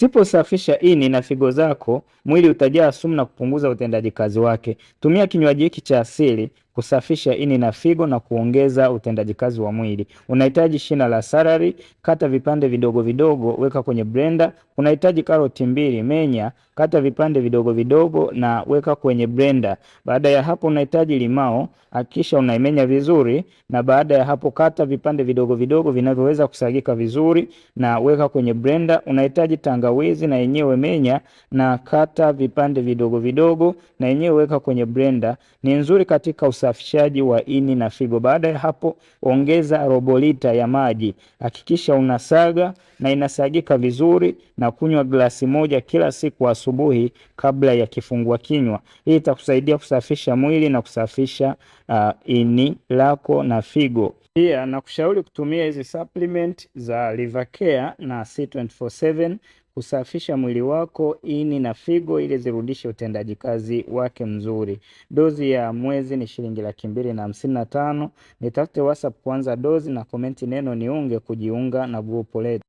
Siposafisha ini na figo zako, mwili utajaa sumu na kupunguza utendaji kazi wake. Tumia kinywaji hiki cha asili kusafisha ini na figo na kuongeza utendaji kazi wa mwili. Unahitaji shina la celery, kata vipande vidogo vidogo, weka kwenye blender. Unahitaji karoti mbili, menya, kata vipande vidogo vidogo na weka kwenye blender. Baada ya hapo, unahitaji limao, hakikisha unaimenya vizuri, na baada ya hapo, kata vipande vidogo vidogo vinavyoweza kusagika vizuri na weka kwenye blender. Unahitaji tangawizi na yenyewe menya na kata vipande vidogo vidogo na yenyewe weka kwenye blender. Ni nzuri katika usa usafishaji wa ini na figo. Baada ya hapo, ongeza robo lita ya maji, hakikisha unasaga na inasagika vizuri, na kunywa glasi moja kila siku asubuhi kabla ya kifungua kinywa. Hii itakusaidia kusafisha mwili na kusafisha uh, ini lako na figo. Pia nakushauri kutumia hizi supplement za Care na C247 kusafisha mwili wako, ini na figo ili zirudishe utendaji kazi wake mzuri. Dozi ya mwezi ni shilingi laki mbili na hamsini na tano. Nitafute WhatsApp kuanza dozi na komenti neno niunge kujiunga na grupu letu.